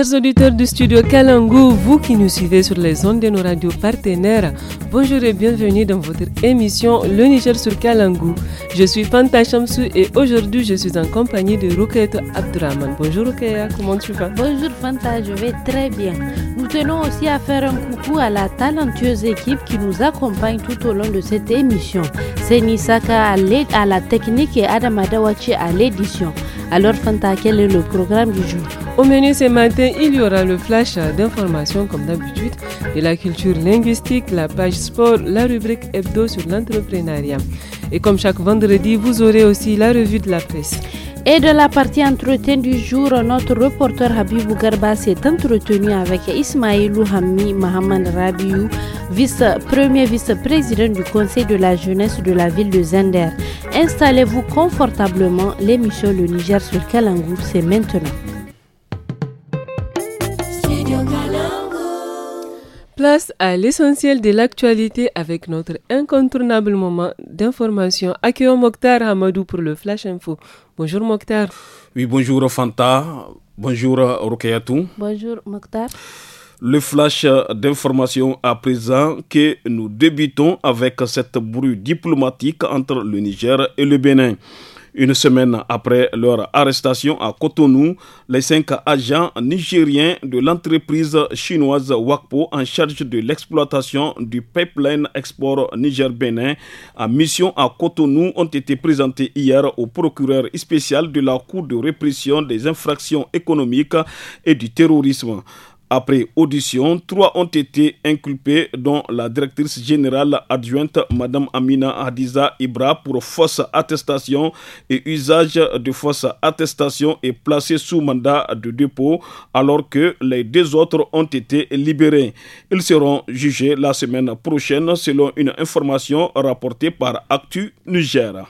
Chers auditeurs du studio Kalangu, vous qui nous suivez sur les ondes de nos radios partenaires, bonjour et bienvenue dans votre émission Le Niger sur Kalangu. Je suis Fanta Chamsou et aujourd'hui je suis en compagnie de Ruketo Abdurrahman. Bonjour Rukaya, comment tu vas Bonjour Fanta, je vais très bien. Nous tenons aussi à faire un coucou à la talentueuse équipe qui nous accompagne tout au long de cette émission. C'est Nisaka à la technique et Adam Adawachi à l'édition. Alors, Fanta, quel est le programme du jour Au menu ce matin, il y aura le flash d'informations, comme d'habitude, de la culture linguistique, la page sport, la rubrique hebdo sur l'entrepreneuriat. Et comme chaque vendredi, vous aurez aussi la revue de la presse. Et de la partie entretien du jour, notre reporter Habibou Garba s'est entretenu avec Ismailou Hammi Mohamed Rabiou, vice, premier vice-président du Conseil de la jeunesse de la ville de Zender. Installez-vous confortablement, l'émission Le Niger sur Kalangou, c'est maintenant. Place à l'essentiel de l'actualité avec notre incontournable moment d'information. Accueillons Mokhtar Hamadou pour le Flash Info. Bonjour Mokhtar. Oui, bonjour Fanta. Bonjour Rukayatou. Bonjour Mokhtar. Le flash d'information à présent que nous débutons avec cette bruit diplomatique entre le Niger et le Bénin. Une semaine après leur arrestation à Cotonou, les cinq agents nigériens de l'entreprise chinoise Wakpo en charge de l'exploitation du pipeline export Niger-Bénin à mission à Cotonou ont été présentés hier au procureur spécial de la Cour de répression des infractions économiques et du terrorisme. Après audition, trois ont été inculpés, dont la directrice générale adjointe, Madame Amina Hadiza Ibra, pour fausse attestation et usage de fausse attestation et placé sous mandat de dépôt, alors que les deux autres ont été libérés. Ils seront jugés la semaine prochaine, selon une information rapportée par Actu Niger.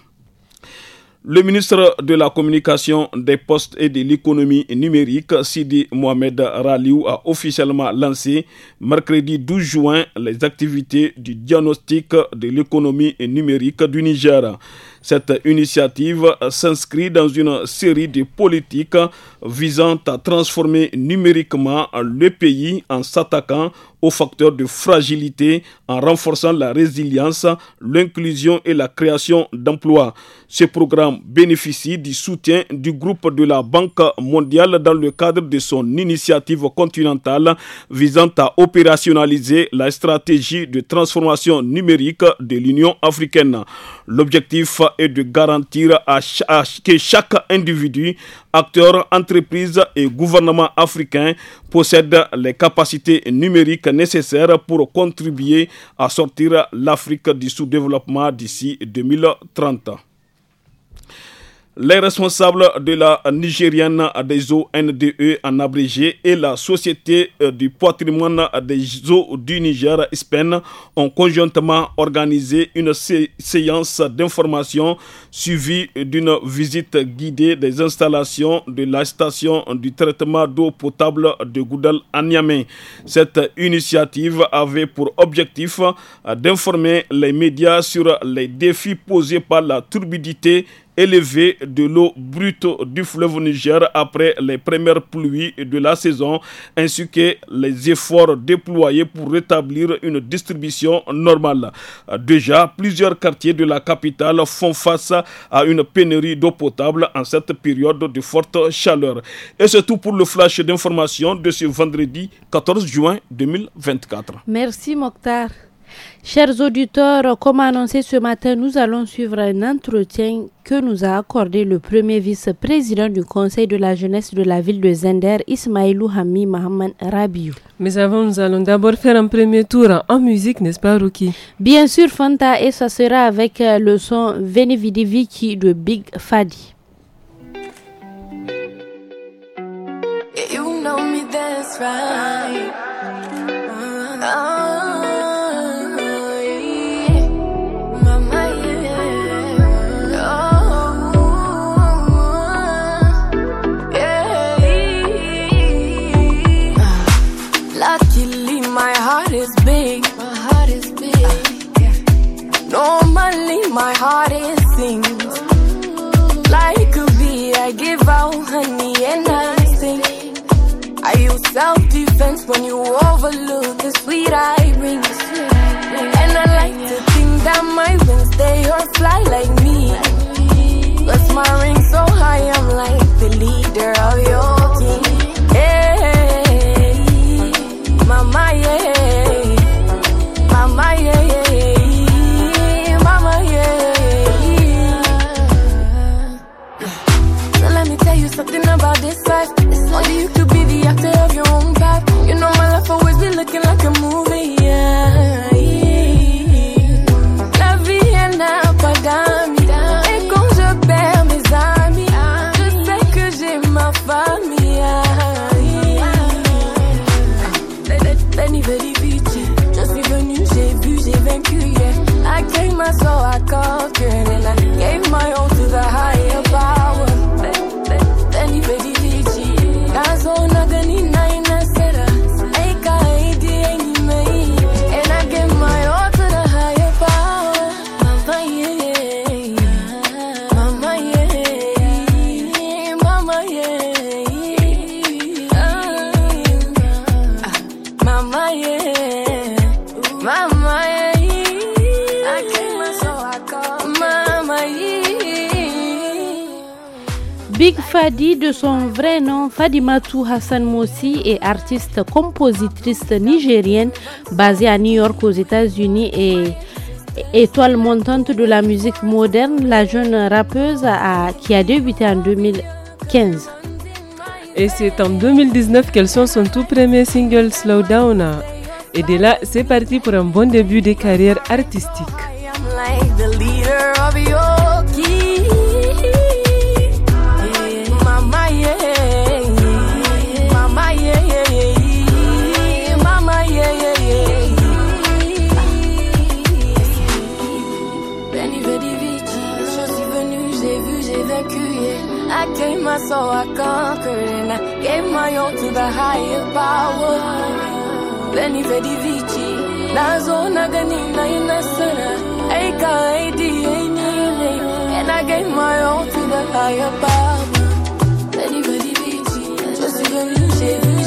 Le ministre de la Communication, des Postes et de l'Économie numérique, Sidi Mohamed Raliou, a officiellement lancé mercredi 12 juin les activités du diagnostic de l'économie numérique du Niger. Cette initiative s'inscrit dans une série de politiques visant à transformer numériquement le pays en s'attaquant aux facteurs de fragilité en renforçant la résilience, l'inclusion et la création d'emplois. Ce programme bénéficie du soutien du groupe de la Banque mondiale dans le cadre de son initiative continentale visant à opérationnaliser la stratégie de transformation numérique de l'Union africaine. L'objectif est de garantir à chaque, que chaque individu acteurs, entreprises et gouvernements africains possèdent les capacités numériques nécessaires pour contribuer à sortir l'Afrique du sous-développement d'ici 2030. Les responsables de la Nigérienne des eaux NDE en abrégé et la Société euh, du patrimoine des eaux du Niger, SPEN, ont conjointement organisé une séance d'information suivie d'une visite guidée des installations de la station du traitement d'eau potable de Goudal à Cette initiative avait pour objectif euh, d'informer les médias sur les défis posés par la turbidité élevé de l'eau brute du fleuve Niger après les premières pluies de la saison, ainsi que les efforts déployés pour rétablir une distribution normale. Déjà, plusieurs quartiers de la capitale font face à une pénurie d'eau potable en cette période de forte chaleur. Et c'est tout pour le flash d'information de ce vendredi 14 juin 2024. Merci Mokhtar. Chers auditeurs, comme annoncé ce matin, nous allons suivre un entretien que nous a accordé le premier vice-président du Conseil de la jeunesse de la ville de Zender, Ismailou Hami Mohamed Rabiou. Mais avant, nous allons d'abord faire un premier tour en musique, n'est-ce pas, Ruki Bien sûr, Fanta, et ça sera avec euh, le son Vidi Viki de Big Fadi. my heart it sings. Like a bee, I give out honey and I sing. I use self defense when you overlook the sweet I bring. And I like to think that my wings, they are fly like me. Cause my ring so high, I'm like the leader of your. son vrai nom, Fadimatou Hassan Mossi est artiste compositrice nigérienne basée à New York aux États-Unis et étoile montante de la musique moderne. La jeune rappeuse a, qui a débuté en 2015. Et c'est en 2019 qu'elle sort son tout premier single Slow Down. Et de là, c'est parti pour un bon début de carrière artistique. cueillir. I gave my soul, I conquered, and I gave my all to the higher power. Veni vedi vici, na zona ganina inasana, eka edi enile, and I gave my all to the higher power. Veni vedi vici, just even you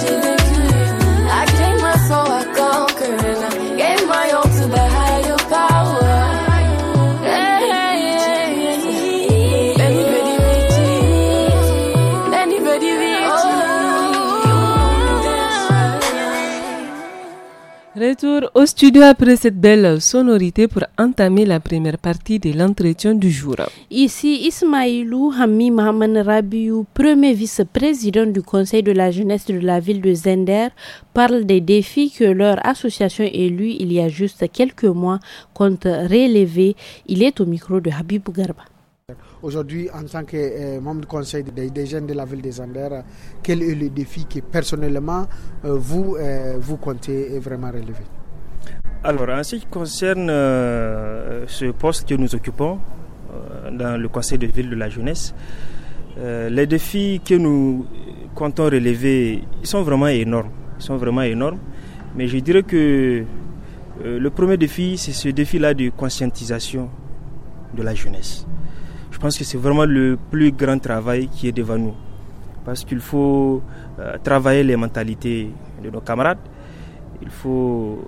au studio après cette belle sonorité pour entamer la première partie de l'entretien du jour. Ici Ismailou Hammi Mohamed Rabiou, premier vice-président du Conseil de la jeunesse de la ville de Zender, parle des défis que leur association élue il y a juste quelques mois compte relever. Il est au micro de Habib Garba. Aujourd'hui, en tant que euh, membre du conseil des, jeunes de la ville des Anders, quel est le défi que personnellement euh, vous, euh, vous comptez vraiment relever Alors, en ce qui concerne ce poste que nous occupons dans le conseil de ville de la jeunesse, les défis que nous comptons relever sont vraiment énormes. sont vraiment énormes. Mais je dirais que le premier défi, c'est ce défi-là de conscientisation de la jeunesse. Je pense que c'est vraiment le plus grand travail qui est devant nous. Parce qu'il faut euh, travailler les mentalités de nos camarades, il faut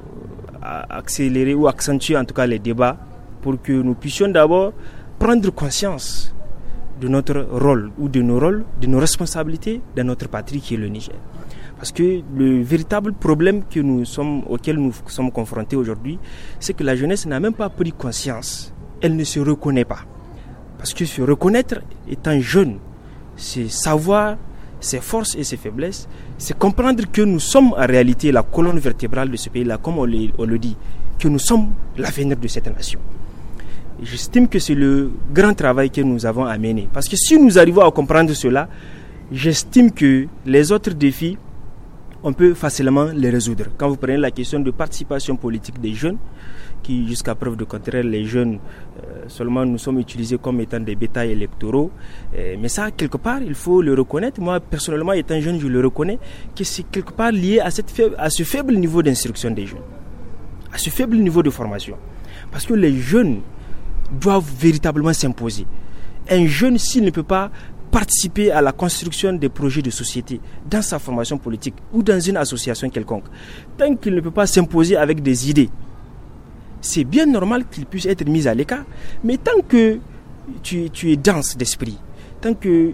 euh, accélérer ou accentuer en tout cas les débats pour que nous puissions d'abord prendre conscience de notre rôle ou de nos rôles, de nos responsabilités dans notre patrie qui est le Niger. Parce que le véritable problème que nous sommes, auquel nous sommes confrontés aujourd'hui, c'est que la jeunesse n'a même pas pris conscience. Elle ne se reconnaît pas. Parce que se reconnaître étant jeune, c'est savoir ses forces et ses faiblesses, c'est comprendre que nous sommes en réalité la colonne vertébrale de ce pays-là, comme on le, dit, que nous sommes l'avenir de cette nation. J'estime que c'est le grand travail que nous avons à mener. Parce que si nous arrivons à comprendre cela, j'estime que les autres défis, on peut facilement les résoudre. Quand vous prenez la question de participation politique des jeunes, qui, jusqu'à preuve de contraire, les jeunes euh, seulement nous sommes utilisés comme étant des bétails électoraux. Euh, mais ça, quelque part, il faut le reconnaître. Moi, personnellement, étant jeune, je le reconnais, que c'est quelque part lié à, cette à ce faible niveau d'instruction des jeunes, à ce faible niveau de formation. Parce que les jeunes doivent véritablement s'imposer. Un jeune, s'il ne peut pas participer à la construction des projets de société dans sa formation politique ou dans une association quelconque, tant qu'il ne peut pas s'imposer avec des idées, c'est bien normal qu'il puisse être mis à l'écart. Mais tant que tu, es dense d'esprit, tant que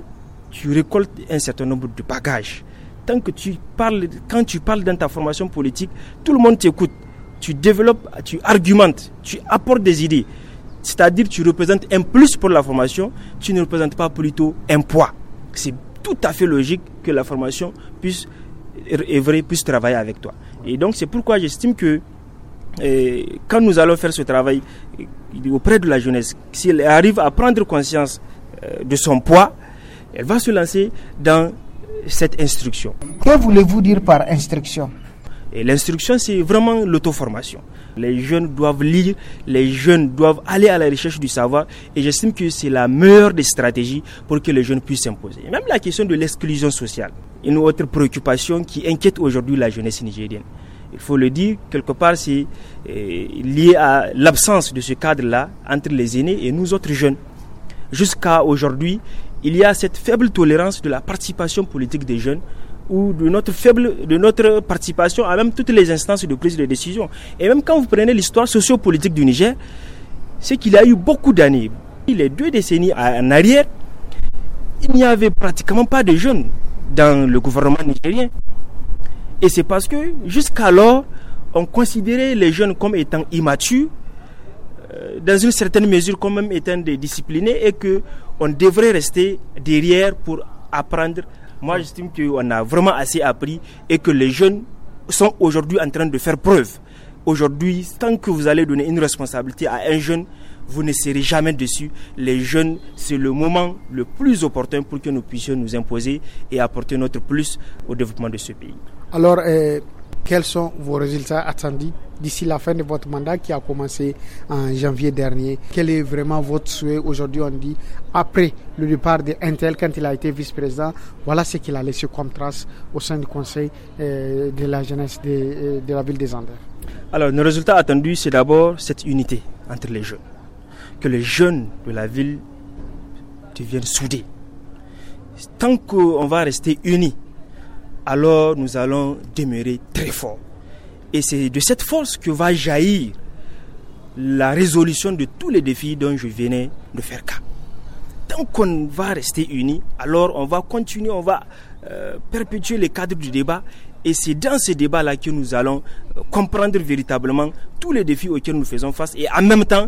tu récoltes un certain nombre de bagages, tant que tu parles, quand tu parles dans ta formation politique, tout le monde t'écoute. Tu développes, tu argumentes, tu apportes des idées. C'est-à-dire tu représentes un plus pour la formation, tu ne représentes pas plutôt un poids. C'est tout à fait logique que la formation puisse œuvrer, puisse travailler avec toi. Et donc c'est pourquoi j'estime que et quand nous allons faire ce travail auprès de la jeunesse, si elle arrive à prendre conscience euh, de son poids, elle va se lancer dans cette instruction. Que voulez-vous dire par instruction l'instruction, c'est vraiment l'auto-formation. Les jeunes doivent lire, les jeunes doivent aller à la recherche du savoir et j'estime que c'est la meilleure des stratégies pour que les jeunes puissent s'imposer. Même la question de l'exclusion sociale, une autre préoccupation qui inquiète aujourd'hui la jeunesse nigérienne il faut le dire, quelque part, c'est euh, lié à l'absence de ce cadre-là entre les aînés et nous autres jeunes. Jusqu'à aujourd'hui, il y a cette faible tolérance de la participation politique des jeunes ou de notre faible, de notre participation à même toutes les instances de prise de décision. Et même quand vous prenez l'histoire sociopolitique du Niger, c'est qu'il y a eu beaucoup d'années, les deux décennies en arrière, il n'y avait pratiquement pas de jeunes dans le gouvernement nigérien. Et c'est parce que jusqu'alors, on considérait les jeunes comme étant immatures, euh, dans une certaine mesure quand même étant des disciplinés, et qu'on devrait rester derrière pour apprendre. Moi, j'estime qu'on a vraiment assez appris et que les jeunes sont aujourd'hui en train de faire preuve. Aujourd'hui, tant que vous allez donner une responsabilité à un jeune, vous ne serez jamais dessus. Les jeunes, c'est le moment le plus opportun pour que nous puissions nous imposer et apporter notre plus au développement de ce pays. Alors, euh, quels sont vos résultats attendus d'ici la fin de votre mandat qui a commencé en janvier dernier Quel est vraiment votre souhait aujourd'hui On dit, après le départ de Intel, quand il a été vice-président, voilà ce qu'il a laissé comme trace au sein du Conseil euh, de la jeunesse de, euh, de la ville des Andes. Alors, nos résultats attendus, c'est d'abord cette unité entre les jeunes. Que les jeunes de la ville deviennent soudés. Tant qu'on va rester unis, alors nous allons demeurer très forts. Et c'est de cette force que va jaillir la résolution de tous les défis dont je venais de faire cas. Tant qu'on va rester unis, alors on va continuer, on va euh, perpétuer les cadres du débat. Et c'est dans ce débat-là que nous allons euh, comprendre véritablement tous les défis auxquels nous faisons face et en même temps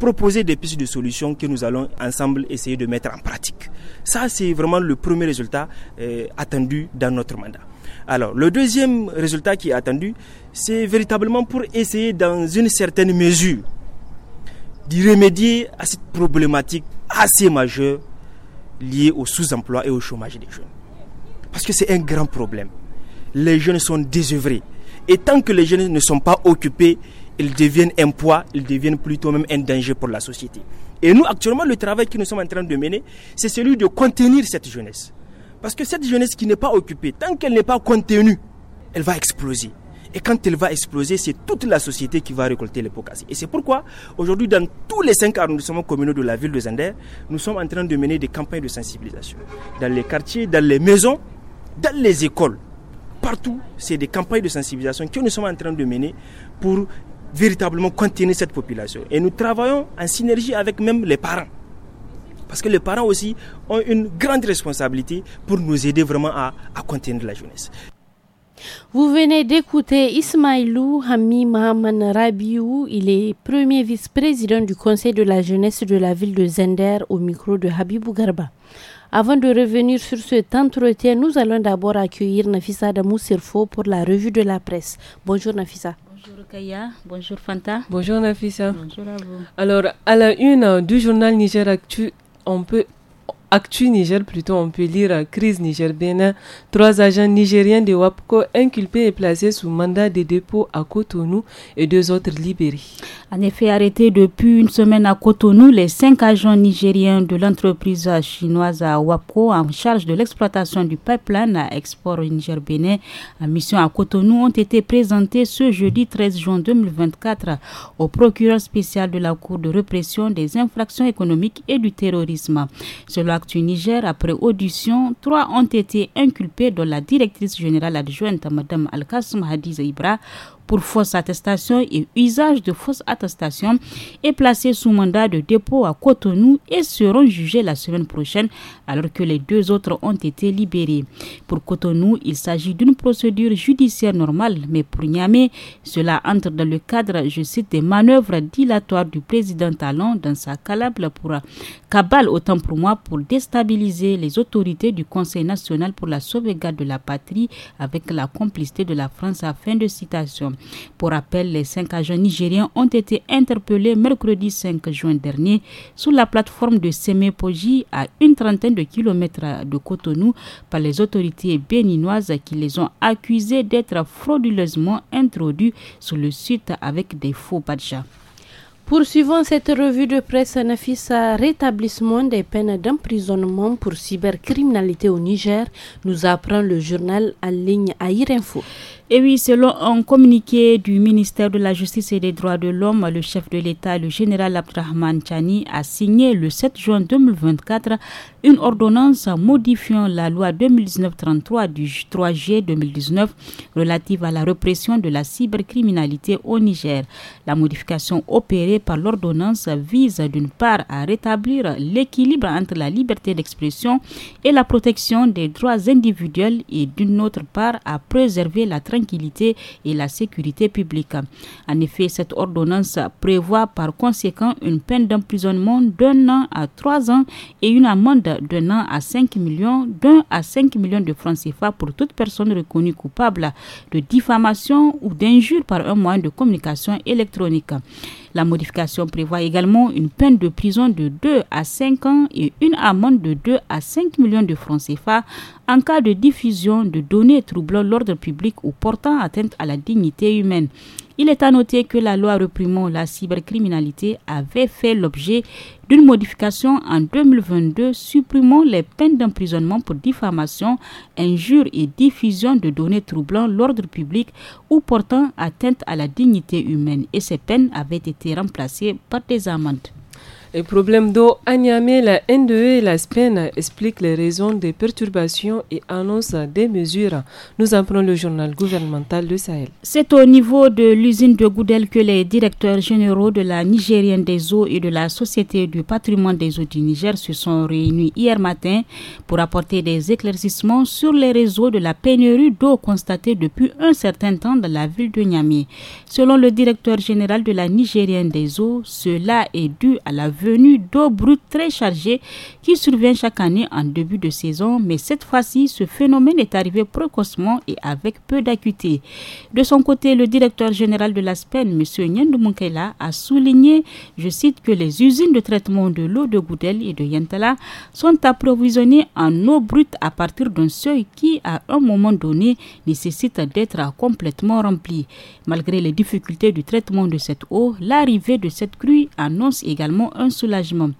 proposer des pistes de solutions que nous allons ensemble essayer de mettre en pratique. Ça, c'est vraiment le premier résultat euh, attendu dans notre mandat. Alors, le deuxième résultat qui est attendu, c'est véritablement pour essayer, dans une certaine mesure, de remédier à cette problématique assez majeure liée au sous-emploi et au chômage des jeunes. Parce que c'est un grand problème. Les jeunes sont désœuvrés. Et tant que les jeunes ne sont pas occupés, ils deviennent un poids, ils deviennent plutôt même un danger pour la société. Et nous, actuellement, le travail que nous sommes en train de mener, c'est celui de contenir cette jeunesse. Parce que cette jeunesse qui n'est pas occupée, tant qu'elle n'est pas contenue, elle va exploser. Et quand elle va exploser, c'est toute la société qui va récolter les pots Et c'est pourquoi, aujourd'hui, dans tous les cinq arrondissements communaux de la ville de Zander, nous sommes en train de mener des campagnes de sensibilisation. Dans les quartiers, dans les maisons, dans les écoles. Partout, c'est des campagnes de sensibilisation que nous sommes en train de mener pour véritablement contenir cette population. Et nous travaillons en synergie avec même les parents. Parce que les parents aussi ont une grande responsabilité pour nous aider vraiment à, à contenir la jeunesse. Vous venez d'écouter Ismailou Hami Mahaman Rabiou. Il est premier vice-président du Conseil de la jeunesse de la ville de Zender au micro de Habibou Garba. Avant de revenir sur cet entretien, nous allons d'abord accueillir Nafisa Damou pour la revue de la presse. Bonjour Nafisa. Bonjour Kaya, bonjour Fanta. Bonjour Nafisa. Bonjour à vous. Alors, à la une du journal Niger Actu, on peut Actu Niger, plutôt, on peut lire euh, Crise Niger-Bénin. Trois agents nigériens de WAPCO inculpés et placés sous mandat de dépôt à Cotonou et deux autres libérés. En effet, arrêtés depuis une semaine à Cotonou, les cinq agents nigériens de l'entreprise chinoise à WAPCO en charge de l'exploitation du pipeline à export Niger-Bénin en mission à Cotonou ont été présentés ce jeudi 13 juin 2024 au procureur spécial de la Cour de répression des infractions économiques et du terrorisme. Cela du Niger, après audition, trois ont été inculpés, dont la directrice générale adjointe, Mme Al-Kassoum Hadiza Ibra, pour fausse attestation et usage de fausse attestation est placé sous mandat de dépôt à Cotonou et seront jugés la semaine prochaine alors que les deux autres ont été libérés. Pour Cotonou, il s'agit d'une procédure judiciaire normale, mais pour Niamey, cela entre dans le cadre, je cite, des manœuvres dilatoires du président Talon dans sa calable pour cabale, autant pour moi, pour déstabiliser les autorités du Conseil national pour la sauvegarde de la patrie avec la complicité de la France. de citation. Pour rappel, les cinq agents nigériens ont été interpellés mercredi 5 juin dernier sous la plateforme de Semepoji à une trentaine de kilomètres de Cotonou par les autorités béninoises qui les ont accusés d'être frauduleusement introduits sur le site avec des faux badjas. Poursuivons cette revue de presse à rétablissement des peines d'emprisonnement pour cybercriminalité au Niger, nous apprend le journal en ligne Air Info. Et oui, selon un communiqué du ministère de la Justice et des Droits de l'Homme, le chef de l'État, le général Abdrahman Chani, a signé le 7 juin 2024 une ordonnance modifiant la loi 2019-33 du 3 g 2019 relative à la répression de la cybercriminalité au Niger. La modification opérée par l'ordonnance vise d'une part à rétablir l'équilibre entre la liberté d'expression et la protection des droits individuels et d'une autre part à préserver la tranquillité et la sécurité publique. En effet, cette ordonnance prévoit par conséquent une peine d'emprisonnement d'un an à trois ans et une amende d'un an à 5 millions, d'un à 5 millions de francs CFA pour toute personne reconnue coupable de diffamation ou d'injure par un moyen de communication électronique. La modification prévoit également une peine de prison de 2 à 5 ans et une amende de 2 à 5 millions de francs CFA en cas de diffusion de données troublant l'ordre public ou portant atteinte à la dignité humaine. Il est à noter que la loi reprimant la cybercriminalité avait fait l'objet d'une modification en 2022 supprimant les peines d'emprisonnement pour diffamation, injure et diffusion de données troublant l'ordre public ou portant atteinte à la dignité humaine et ces peines avaient été remplacées par des amendes. Les problèmes d'eau à Niamey, la NDE e et la SPEN expliquent les raisons des perturbations et annoncent des mesures. Nous prenons le journal gouvernemental de Sahel. C'est au niveau de l'usine de Goudel que les directeurs généraux de la Nigérienne des eaux et de la Société du patrimoine des eaux du Niger se sont réunis hier matin pour apporter des éclaircissements sur les réseaux de la pénurie d'eau constatée depuis un certain temps dans la ville de Niamey. Selon le directeur général de la Nigérienne des eaux, cela est dû à la venu d'eau brute très chargée qui survient chaque année en début de saison, mais cette fois-ci, ce phénomène est arrivé précocement et avec peu d'acuité. De son côté, le directeur général de l'ASPEN, M. de Munkela, a souligné, je cite, que les usines de traitement de l'eau de Goudel et de Yantala sont approvisionnées en eau brute à partir d'un seuil qui, à un moment donné, nécessite d'être complètement rempli. Malgré les difficultés du traitement de cette eau, l'arrivée de cette crue annonce également un soulagement.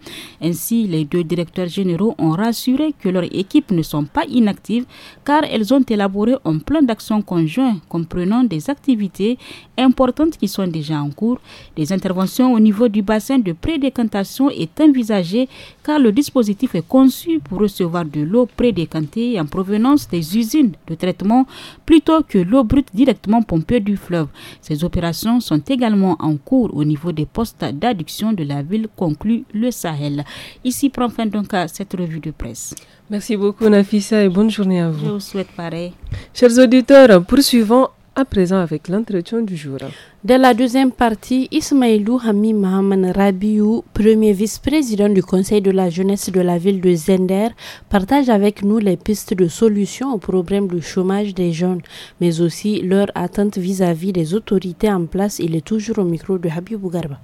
Ainsi, les deux directeurs généraux ont rassuré que leurs équipes ne sont pas inactives car elles ont élaboré un plan d'action conjoint comprenant des activités importantes qui sont déjà en cours. Des interventions au niveau du bassin de prédécantation est envisagée car le dispositif est conçu pour recevoir de l'eau prédécantée en provenance des usines de traitement plutôt que l'eau brute directement pompée du fleuve. Ces opérations sont également en cours au niveau des postes d'adduction de la ville Concours plus le Sahel. Ici prend fin donc à cette revue de presse. Merci beaucoup Nafissa et bonne journée à vous. Je vous souhaite pareil. Chers auditeurs, poursuivons à présent avec l'entretien du jour. Dans la deuxième partie, Ismailou Hami Mahaman Rabiou, premier vice-président du Conseil de la jeunesse de la ville de Zender, partage avec nous les pistes de solutions au problème du chômage des jeunes, mais aussi leurs attentes vis-à-vis des autorités en place. Il est toujours au micro de Habibou Garba.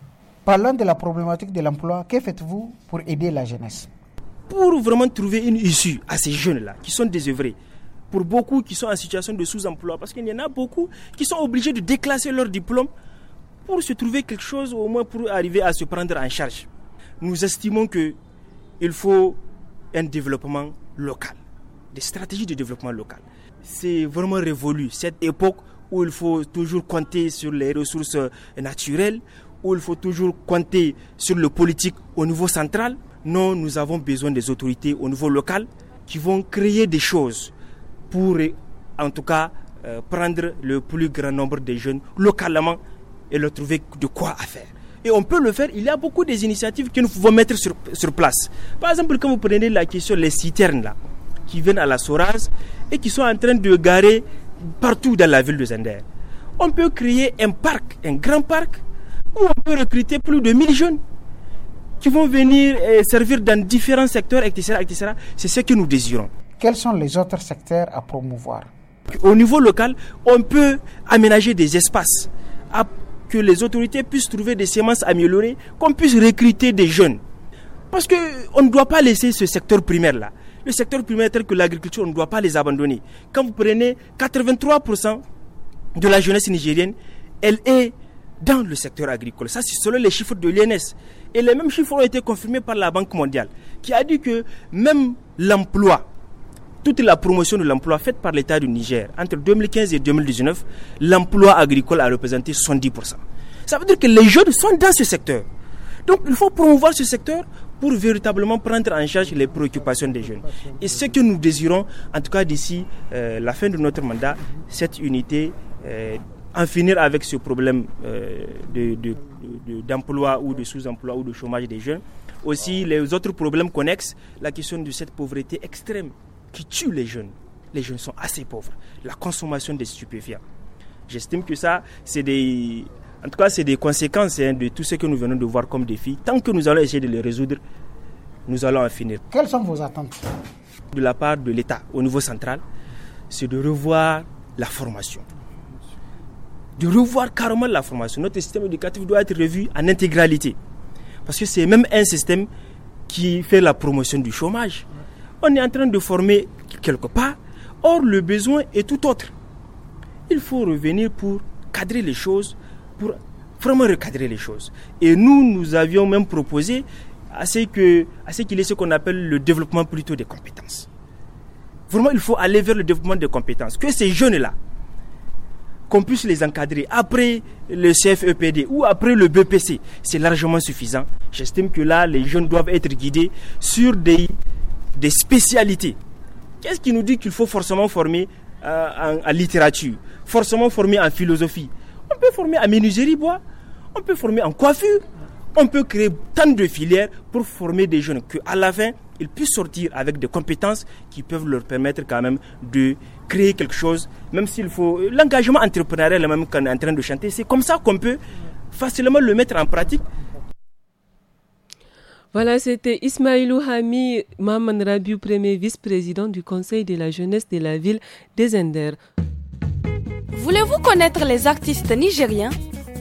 Parlant de la problématique de l'emploi, que faites-vous pour aider la jeunesse Pour vraiment trouver une issue à ces jeunes-là qui sont désœuvrés, pour beaucoup qui sont en situation de sous-emploi, parce qu'il y en a beaucoup qui sont obligés de déclasser leur diplôme pour se trouver quelque chose, au moins pour arriver à se prendre en charge. Nous estimons qu'il faut un développement local, des stratégies de développement local. C'est vraiment révolu, cette époque où il faut toujours compter sur les ressources euh, naturelles, où il faut toujours compter sur le politique au niveau central. Non, nous avons besoin des autorités au niveau local qui vont créer des choses pour, euh, en tout cas, euh, prendre le plus grand nombre de jeunes localement et leur trouver de quoi faire. Et on peut le faire. Il y a beaucoup des initiatives que nous pouvons mettre sur, place. Par exemple, quand vous prenez la question des citernes là, qui viennent à la Soraz et qui sont en train de garer partout dans la ville de Zender. On peut créer un parc, un grand parc où on peut recruter plus de 1000 jeunes qui vont venir euh, servir dans différents secteurs, etc. etc. C'est ce que nous désirons. Quels sont les autres secteurs à promouvoir Au niveau local, on peut aménager des espaces à que les autorités puissent trouver des semences améliorées, qu'on puisse recruter des jeunes. Parce qu'on ne doit pas laisser ce secteur primaire-là. Le secteur primaire tel que l'agriculture, on ne doit pas les abandonner. Quand vous prenez 83% de la jeunesse nigérienne, elle est dans le secteur agricole. Ça, c'est selon les chiffres de l'INS. Et les mêmes chiffres ont été confirmés par la Banque mondiale, qui a dit que même l'emploi, toute la promotion de l'emploi faite par l'État du Niger, entre 2015 et 2019, l'emploi agricole a représenté 70%. Ça veut dire que les jeunes sont dans ce secteur. Donc, il faut promouvoir ce secteur pour véritablement prendre en charge les préoccupations des jeunes. Et ce que nous désirons, en tout cas d'ici euh, la fin de notre mandat, cette unité. Euh, en finir avec ce problème euh, d'emploi ou de sous-emploi ou de chômage des jeunes. Aussi, les autres problèmes connexes, la question de cette pauvreté extrême qui tue les jeunes. Les jeunes sont assez pauvres. La consommation des stupéfiants. J'estime que ça, c'est des, en tout cas, c'est des conséquences hein, de tout ce que nous venons de voir comme défi. Tant que nous allons essayer de les résoudre, nous allons en finir. Quelles sont vos attentes De la part de l'État au niveau central, c'est de revoir la formation de revoir carrément la formation. Notre système éducatif doit être revu en intégralité. Parce que c'est même un système qui fait la promotion du chômage. On est en train de former quelque part. Or, le besoin est tout autre. Il faut revenir pour cadrer les choses, pour vraiment recadrer les choses. Et nous, nous avions même proposé à ce qu'il est ce qu'on appelle le développement plutôt des compétences. Vraiment, il faut aller vers le développement des compétences. Que ces jeunes-là, qu'on puisse les encadrer après le CFEPD ou après le BPC, c'est largement suffisant. J'estime que là, les jeunes doivent être guidés sur des, des spécialités. Qu'est-ce qui nous dit qu'il faut forcément former euh, en, en, littérature, forcément former en philosophie On peut former en menuiserie bois, on peut former en coiffure, on peut créer tant de filières pour former des jeunes qu'à la fin, ils puissent sortir avec des compétences qui peuvent leur permettre quand même de créer quelque chose, même s'il faut. L'engagement entrepreneurial, même on est en train de chanter, c'est comme ça qu'on peut facilement le mettre en pratique. Voilà, c'était Ismailou Hami Maman Rabiou, premier vice-président du Conseil de la jeunesse de la ville des Enders. Voulez-vous connaître les artistes nigériens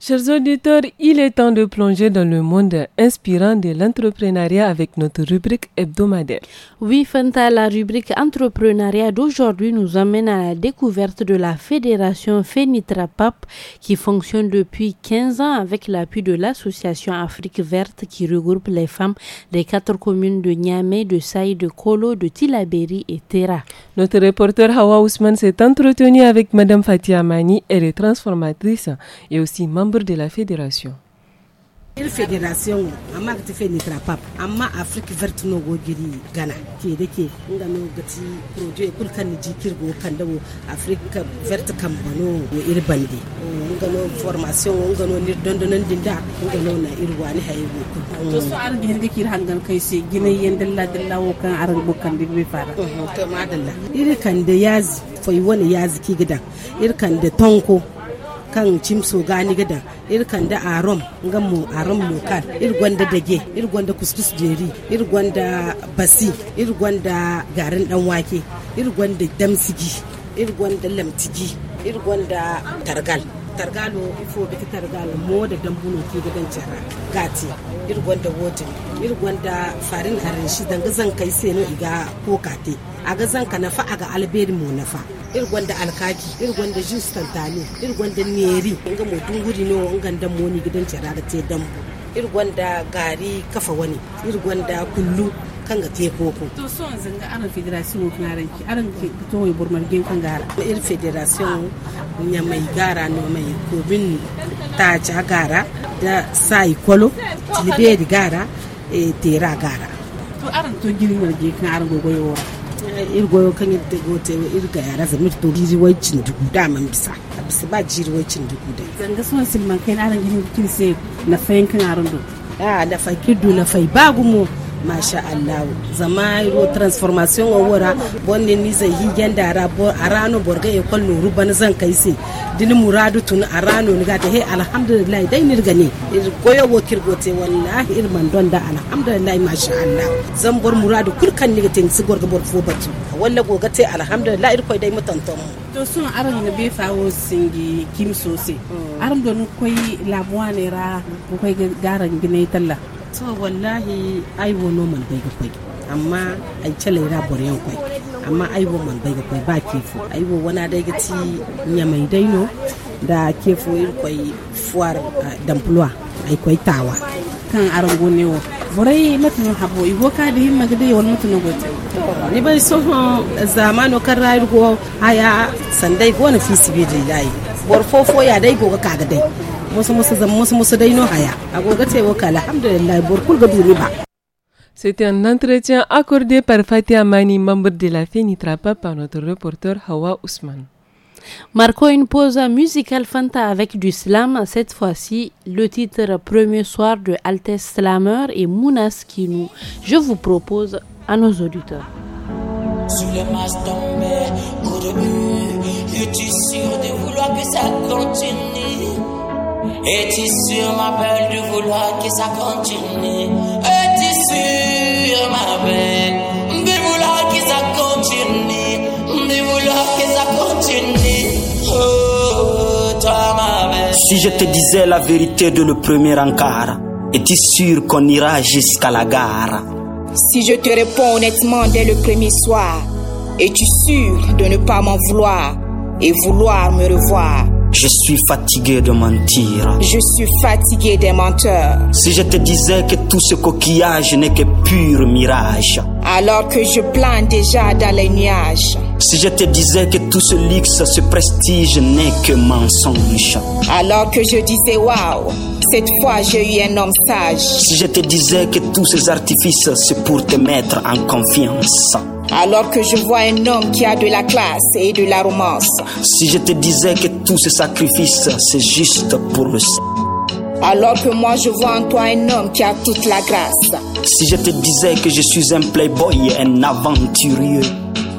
Chers auditeurs, il est temps de plonger dans le monde inspirant de l'entrepreneuriat avec notre rubrique hebdomadaire. Oui, Fanta, la rubrique entrepreneuriat d'aujourd'hui nous amène à la découverte de la fédération Fenitrapap, qui fonctionne depuis 15 ans avec l'appui de l'association Afrique Verte qui regroupe les femmes des quatre communes de Niamey, de Saï, de Kolo, de Tilaberi et Terra. Notre reporter Hawa Ousmane s'est entretenu avec Madame Fatia Mani, elle est transformatrice et aussi membre membre de la fédération. Une fédération amma tu fais ni trapap amma afrique verte no go giri gana ke da ke inda no gati produit kul kan ji kirgo kan dawo afrique verte kan on a nos bande inda no formation inda no ni dondonan dinda inda no na ir wani haye go kul to so ar gir ga kir hangan kai se gine yen dalla dalla wo kan ar bu kan bi fara mhm, to madalla ir kan da yazi foi wani yazi ki gidan ir kan da tonko kan cimso gani gada ir kan da arom ngam mu arom lokal ir gwanda dage ir gwanda kuskus jeri ir gwanda basi ir gwanda garin dan wake ir gwanda damsigi ir gwanda lamtigi ir gwanda targal targalo ifo biki targalo mo da dambuno ki da gancara gati ir gwanda wotin ir gwanda farin harin shi dan zan kai sai no iga ko kate aga zan ka nafa aga alberi mo nafa da alkaki da jus tantani da neri inga motun guri ne wa ingan moni gidan ce te dambu da gari kafa wani da kullu kan ga ko. To so yanzu ga aran federation na ranki aran ke to yi burmar gen kan gara. Ir federation nya mai gara no mai kobin ta ja gara da sai kolo tilbe gara e tera gara. To aran to girin ga gen kan aran gogoyo irgoyo kan yadda gote irga yara zamir to daman bisa a bisa ba jirwaicin dugu dai zanga suwan silman kai na aran gihin kin na fayin kan do a na fai na ah, fai ba gumo masha Allah zama ro transformation wa wura bonne ni zai higen da rabo arano borga e kollu ruban zan kai se dini muradu tun rano ni gata he alhamdulillah dai ni gani gane koyo wokir gote wallahi irman don da alhamdulillah masha Allah zan bor muradu kurkan ni gata su gorga bor fo batu walla goga te alhamdulillah ir koy dai mutantom to sun aran ne be fawo singi kim sose mm. aran don koy labuwa ne ra koy garan gine talla to wallahi aiwo no man bai ga kwai amma ai cele ra boryan kwai amma aiwo man bai ga kwai ba kefu ai wana dai ga ci nya mai daino da kefu ir kwai fuar ah, d'emploi ai kwai tawa kan arango ne wo borai matan habo iwo ka da himma ga dai wani matan gote ni bai so zamano kan rayu go haya sandai go na fisibi dai dai bor fofo ya dai go ka ga dai C'était un entretien accordé par Fatia Mani, membre de la FENITRAPA, par notre reporter Hawa Ousmane. Marquons une pause musicale Fanta avec du slam, cette fois-ci le titre Premier soir de Altes Slammer et Mounas Kinou. Je vous propose à nos auditeurs. que ça continue. Et tu sûr, ma belle, de vouloir que ça continue. Et tu sûr, ma belle, de vouloir que ça continue. De vouloir que ça continue. Oh, toi, ma belle. Si je te disais la vérité de le premier encart, es-tu sûr qu'on ira jusqu'à la gare? Si je te réponds honnêtement dès le premier soir, es-tu sûr de ne pas m'en vouloir et vouloir me revoir? Je suis fatigué de mentir. Je suis fatigué des menteurs. Si je te disais que tout ce coquillage n'est que pur mirage. Alors que je plane déjà dans les nuages. Si je te disais que tout ce luxe, ce prestige n'est que mensonge. Alors que je disais waouh, cette fois j'ai eu un homme sage. Si je te disais que tous ces artifices, c'est pour te mettre en confiance alors que je vois un homme qui a de la classe et de la romance. Si je te disais que tout ce sacrifice, c'est juste pour le sang. Alors que moi, je vois en toi un homme qui a toute la grâce. Si je te disais que je suis un playboy, un aventurier.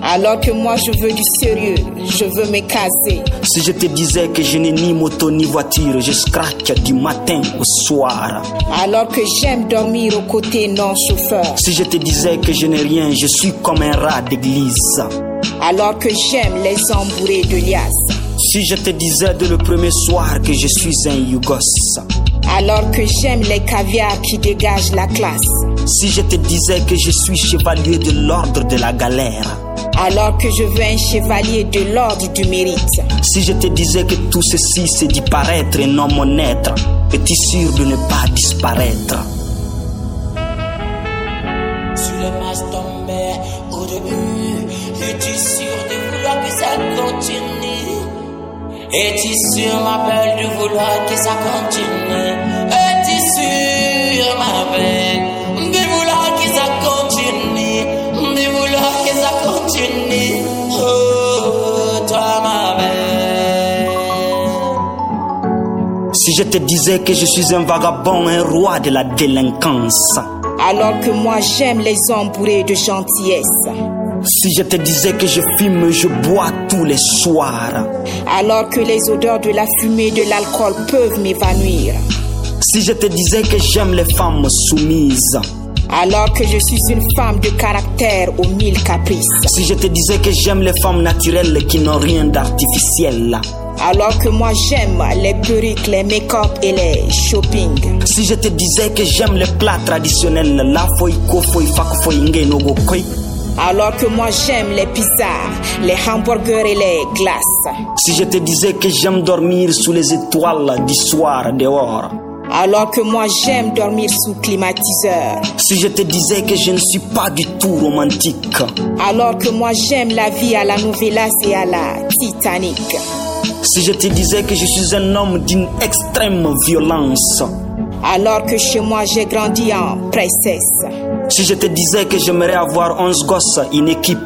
Alors que moi, je veux du sérieux, je veux me casser. Si je te disais que je n'ai ni moto ni voiture, je scratch du matin au soir. Alors que j'aime dormir aux côtés non-chauffeur. Si je te disais que je n'ai rien, je suis comme un rat d'église. Alors que j'aime les embourrés de liasse. Si je te disais dès le premier soir que je suis un Yougos. Alors que j'aime les caviars qui dégagent la classe. Si je te disais que je suis chevalier de l'ordre de la galère alors que je veux un chevalier de l'ordre du mérite. Si je te disais que tout ceci c'est d'y paraître et non mon être, es-tu sûr de ne pas disparaître Sur le masque tombé au début, es-tu sûr de vouloir que ça continue Es-tu sûr, ma belle, de vouloir que ça continue Es-tu sûr Si je te disais que je suis un vagabond, un roi de la délinquance. Alors que moi j'aime les hommes bourrés de gentillesse. Si je te disais que je fume, je bois tous les soirs. Alors que les odeurs de la fumée et de l'alcool peuvent m'évanouir. Si je te disais que j'aime les femmes soumises. Alors que je suis une femme de caractère aux mille caprices. Si je te disais que j'aime les femmes naturelles qui n'ont rien d'artificiel alors que moi j'aime les perruques, les make-up et les shopping. Si je te disais que j'aime les plats traditionnels, la foi, kofoi, fakofoi, go koi. Alors que moi j'aime les pizzas, les hamburgers et les glaces. Si je te disais que j'aime dormir sous les étoiles du soir dehors. Alors que moi j'aime dormir sous climatiseur. Si je te disais que je ne suis pas du tout romantique. Alors que moi j'aime la vie à la Novelas et à la Titanic. Si je te disais que je suis un homme d'une extrême violence. Alors que chez moi, j'ai grandi en princesse. Si je te disais que j'aimerais avoir onze gosses, une équipe.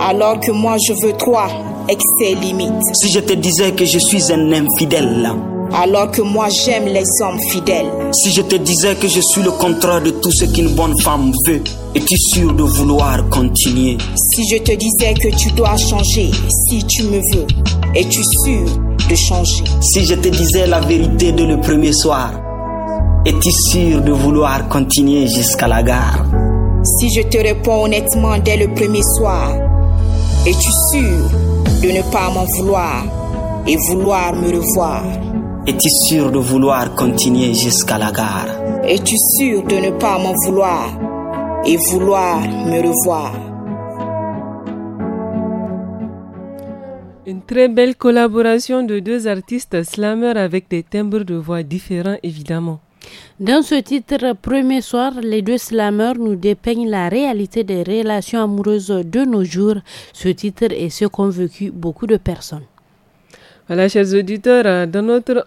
Alors que moi, je veux trois excès limites. Si je te disais que je suis un infidèle alors que moi j'aime les hommes fidèles. Si je te disais que je suis le contraire de tout ce qu'une bonne femme veut, es-tu sûr de vouloir continuer Si je te disais que tu dois changer si tu me veux, es-tu sûr de changer Si je te disais la vérité de le premier soir, es-tu sûr de vouloir continuer jusqu'à la gare Si je te réponds honnêtement dès le premier soir, es-tu sûr de ne pas m'en vouloir et vouloir me revoir es-tu sûr de vouloir continuer jusqu'à la gare Es-tu sûr de ne pas m'en vouloir et vouloir me revoir Une très belle collaboration de deux artistes slammers avec des timbres de voix différents évidemment. Dans ce titre, Premier soir, les deux slameurs nous dépeignent la réalité des relations amoureuses de nos jours. Ce titre est ce qu'ont vécu beaucoup de personnes. Voilà, chers auditeurs, euh, dans notre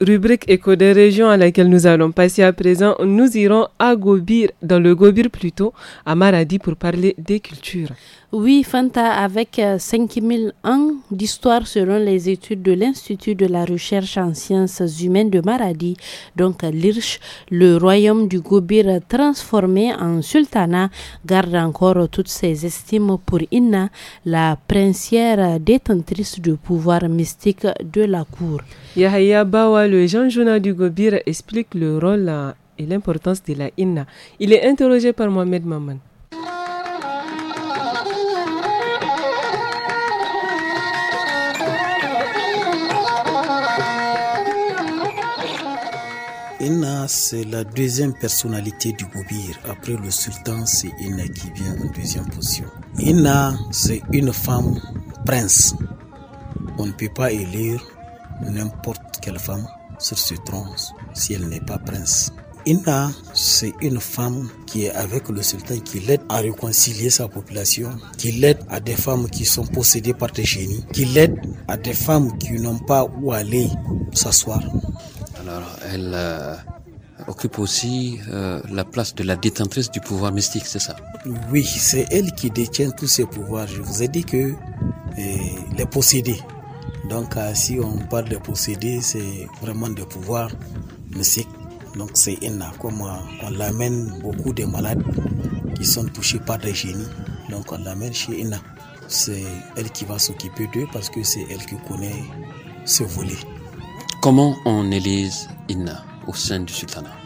rubrique éco des régions à laquelle nous allons passer à présent, nous irons à Gobir, dans le Gobir plutôt, à Maradi pour parler des cultures. Oui, Fanta, avec 5000 euh, ans d'histoire selon les études de l'Institut de la recherche en sciences humaines de Maradi, donc l'Irche, le royaume du Gobir transformé en sultanat garde encore toutes ses estimes pour Inna, la princière détentrice du pouvoir mystique de la cour. Yahya le Jean-Journal du Gobir explique le rôle euh, et l'importance de la INNA. Il est interrogé par Mohamed Maman. Inna, c'est la deuxième personnalité du Gobir Après le sultan, c'est Inna qui vient en deuxième position. Inna, c'est une femme prince. On ne peut pas élire n'importe quelle femme sur ce tronc si elle n'est pas prince. Inna, c'est une femme qui est avec le sultan, qui l'aide à réconcilier sa population, qui l'aide à des femmes qui sont possédées par des génies, qui l'aide à des femmes qui n'ont pas où aller s'asseoir. Alors, elle euh, occupe aussi euh, la place de la détentrice du pouvoir mystique, c'est ça Oui, c'est elle qui détient tous ces pouvoirs. Je vous ai dit que eh, les possédés, donc, euh, si on parle de posséder, c'est vraiment de pouvoir c'est Donc, c'est Inna. Comme euh, on l'amène beaucoup de malades qui sont touchés par des génies, donc on l'amène chez Inna. C'est elle qui va s'occuper d'eux parce que c'est elle qui connaît ce volet. Comment on élise Inna au sein du sultanat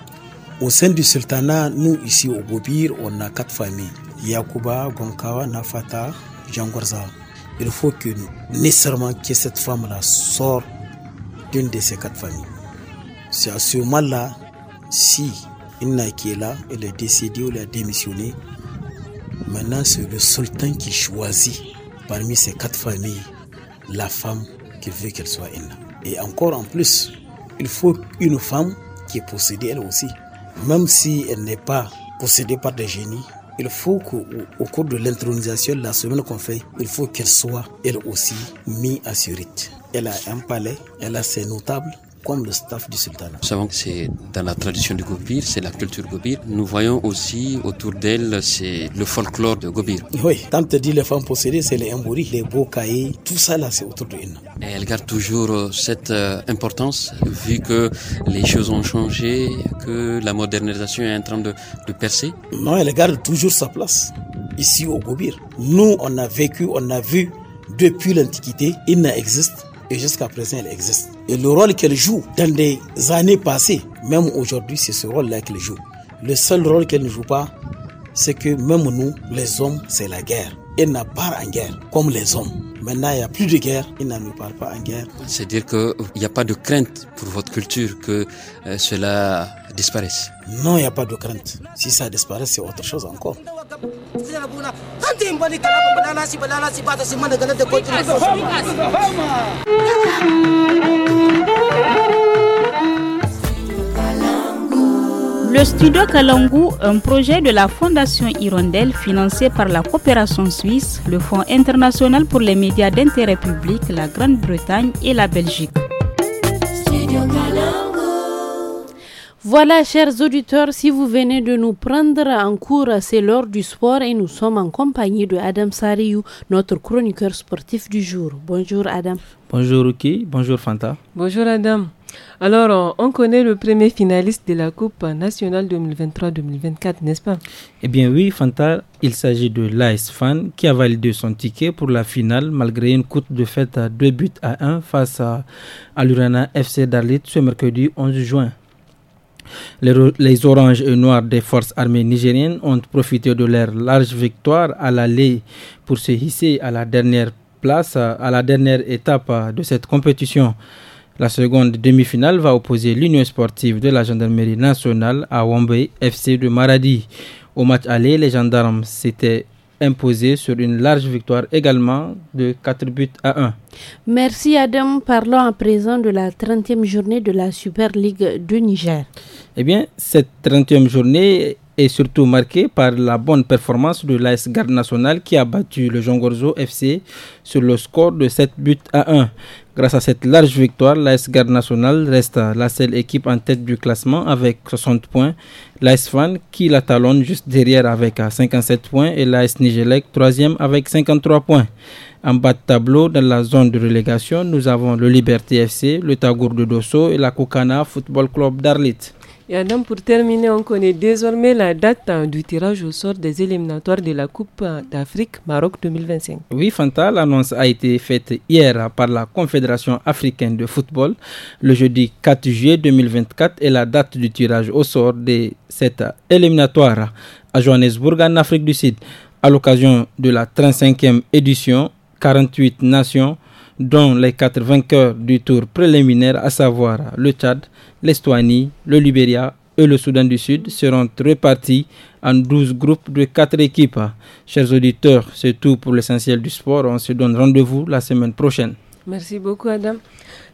Au sein du sultanat, nous ici au Gobir, on a quatre familles Yakuba, Gonkawa, Nafata, Jangorza il faut que nécessairement que cette femme-là sorte d'une de ces quatre familles. C'est à ce moment-là, si Inna qui est là, elle est décédée ou elle a démissionné, maintenant c'est le sultan qui choisit parmi ces quatre familles la femme qui veut qu'elle soit Inna. Et encore en plus, il faut une femme qui est possédée elle aussi. Même si elle n'est pas possédée par des génies, il faut qu'au cours de l'intronisation, la semaine qu'on fait, il faut qu'elle soit elle aussi mise à Zurich. Elle a un palais, elle a ses notables, comme le staff du sultan. Nous savons que c'est dans la tradition du Gobir, c'est la culture Gobir. Nous voyons aussi autour d'elle, c'est le folklore de Gobir. Oui, Tant te dit les femmes possédées, c'est les embouris, les Bokaï, tout ça là, c'est autour d'une elle garde toujours euh, cette euh, importance, vu que les choses ont changé, que la modernisation est en train de, de percer. Non, elle garde toujours sa place, ici au Gobir. Nous, on a vécu, on a vu, depuis l'Antiquité, il n'existe et jusqu'à présent elle existe. Et le rôle qu'elle joue dans des années passées, même aujourd'hui, c'est ce rôle-là qu'elle joue. Le seul rôle qu'elle ne joue pas, c'est que même nous, les hommes, c'est la guerre. Il n'a pas en guerre, comme les hommes. Maintenant, il n'y a plus de guerre, il n'en parle pas en guerre. C'est-à-dire qu'il n'y a pas de crainte pour votre culture que euh, cela disparaisse Non, il n'y a pas de crainte. Si ça disparaît, c'est autre chose encore. Le studio Kalangu, un projet de la Fondation Hirondelle financé par la coopération suisse, le Fonds international pour les médias d'intérêt public, la Grande-Bretagne et la Belgique. Voilà, chers auditeurs, si vous venez de nous prendre en cours, c'est l'heure du sport et nous sommes en compagnie de Adam Sariou, notre chroniqueur sportif du jour. Bonjour Adam. Bonjour Ruki, bonjour Fanta. Bonjour Adam. Alors, euh, on connaît le premier finaliste de la Coupe nationale 2023-2024, n'est-ce pas Eh bien oui, Fanta, il s'agit de l'AS Fan qui a validé son ticket pour la finale malgré une courte de fête à 2 buts à 1 face à, l'Urana FC Dalit ce mercredi 11 juin. Les, les, oranges et noirs des forces armées nigériennes ont profité de leur large victoire à l'aller pour se hisser à la dernière place, à la dernière étape de cette compétition. La seconde demi-finale va opposer l'Union sportive de la gendarmerie nationale à Wombe FC de Maradi. Au match aller, les gendarmes s'étaient imposés sur une large victoire également de 4 buts à 1. Merci Adam. Parlons à présent de la 30e journée de la Super League du Niger. Eh bien, cette 30e journée et surtout marqué par la bonne performance de l'AS Garde nationale qui a battu le Jongorzo FC sur le score de 7 buts à 1. Grâce à cette large victoire, l'AS Garde nationale reste la seule équipe en tête du classement avec 60 points. L'AS Fan qui la talonne juste derrière avec 57 points et l'AS Nigelec troisième avec 53 points. En bas de tableau, dans la zone de relégation, nous avons le Liberté FC, le Tagour de Dosso et la Koukana Football Club d'Arlit pour terminer, on connaît désormais la date hein, du tirage au sort des éliminatoires de la Coupe d'Afrique Maroc 2025. Oui, Fanta, l'annonce a été faite hier par la Confédération africaine de football. Le jeudi 4 juillet 2024 est la date du tirage au sort de cette éliminatoire à Johannesburg, en Afrique du Sud. À l'occasion de la 35e édition, 48 nations dont les quatre vainqueurs du tour préliminaire, à savoir le Tchad, l'Estonie, le Libéria et le Soudan du Sud, seront répartis en douze groupes de quatre équipes. Chers auditeurs, c'est tout pour l'essentiel du sport. On se donne rendez-vous la semaine prochaine. Merci beaucoup, Adam.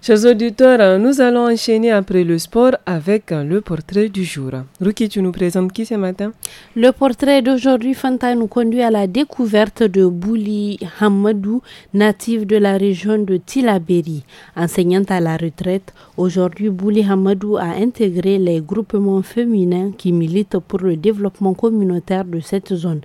Chers auditeurs, nous allons enchaîner après le sport avec le portrait du jour. Ruki, tu nous présentes qui ce matin Le portrait d'aujourd'hui, Fanta, nous conduit à la découverte de Bouli Hamadou, native de la région de Tilaberi. Enseignante à la retraite, aujourd'hui, Bouli Hamadou a intégré les groupements féminins qui militent pour le développement communautaire de cette zone.